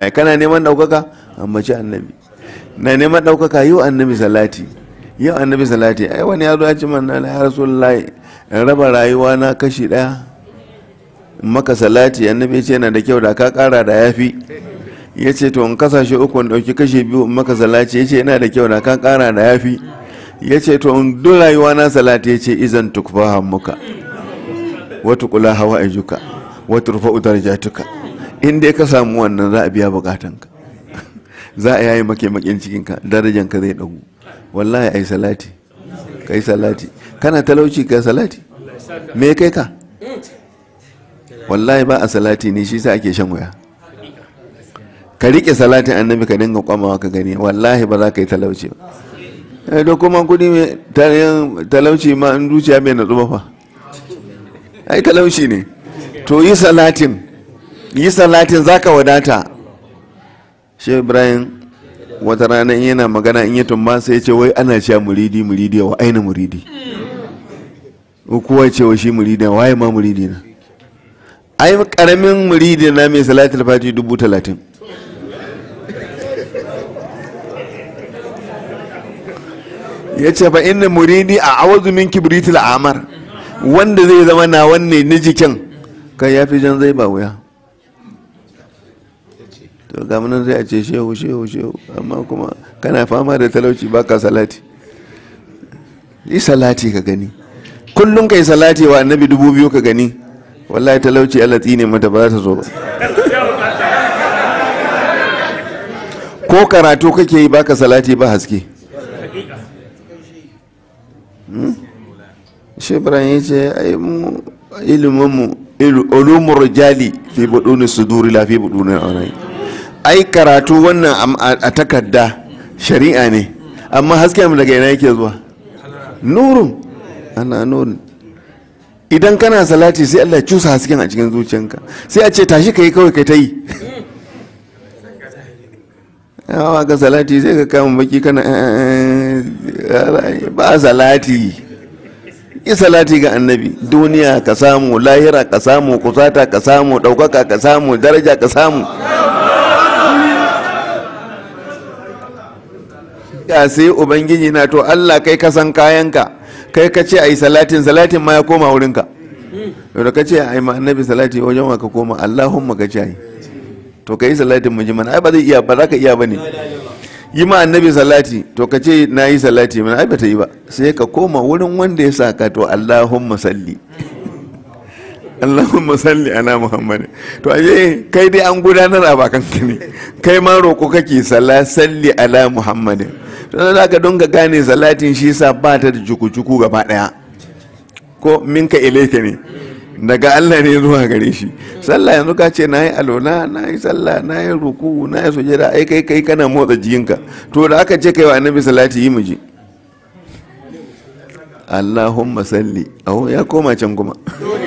ya kana neman ɗaukaka ci annabi na neman ɗaukaka yau annabi salati yau annabi salati ai wani ya zo ya ci manna na ya rasulullahi in raba rayuwa na kashi ɗaya maka salati annabi ce yana da kyau da ka ƙara da yafi ya ce to in kasashe uku in ɗauki kashi biyu in maka salati ya ce yana da kyau da ka ƙara da yafi ya ce to in duk rayuwa na salati ya ce izan tukfahan muka wata kula hawa ajuka wata rufa utar jatuka in dai ka samu wannan za a biya bukatanka za a yayi make makin cikinka darajanka zai dagu wallahi ai salati kai salati kana talauci kai salati me kai ka wallahi ba a salati ne shi sa ake shan waya ka rike salatin annabi ka dinga kwamawa ka gani wallahi ba za ka yi talauci ba eh, da kuma kudi talauci ma in zuciya mai natsu ba fa ai talauci ne to yi salatin yi salatin za ka wadata shi ibrahim wata rana in yana magana in yi tumba sai ce wai ana cewa muridi muridi wa aina muridi kowa ce wa shi muridi waye ma muridi na ai karamin muridi na mai salatin fati dubu talatin ya ce fa inna muridi a awazu min kibritil amar wanda zai zama na wanne na jikin kai ya fi jan zai ba wuya to ga munan sai a ce shehu shehu shehu amma kuma kana fama da talauci baka salati yi salati ka gani kullum kai salati wa annabi dubu biyu ka gani wallahi talauci Allah tsine mata ba za ta zo ba ko karatu kake yi baka salati ba haske hmm? shi ibrahim ya ce ai mu ilimin mu ilimin jali fi su duri la fi buduni aunai ai karatu wannan a takarda shari'a ne amma hasken daga ina yake zuwa nurun ana nurun idan kana salati sai Allah cusa hasken a cikin zuciyanka sai a ce tashi kai kawai kai ta yi yawa ka salati sai ka kama baki kana eh, eh, eh, ba salati yi salati ga annabi duniya ka samu lahira ka samu kusata ka samu ɗaukaka ka samu daraja ka samu ka sai ubangiji na to Allah kai ka san kayanka kai ka ce ai salatin salatin ma ya koma wurinka to ka ce ai ma annabi salati wajen wa ka koma Allahumma ka ce ai to kai salatin mu ji mana ai ba zai iya ba za ka iya bane yi ma annabi salati to ka ce na yi salati mana ai ba ta yi ba sai ka koma wurin wanda ya saka to Allahumma salli Allahumma salli ala Muhammad to aje kai dai an gudanar a bakan ka ne kai ma roko kake salla salli ala Muhammad sannan ka don ka gane salatin shi sa ba ta da cuku-cuku gaba daya ko minka ilaika ne daga Allah ne zuwa gare shi sallah yanzu ka ce nayi alona nayi sallah nayi ruku nayi sujada ai kai kai kana motsa jikinka to da aka ce kai wa annabi salati yi miji Allahumma salli aho ya koma can kuma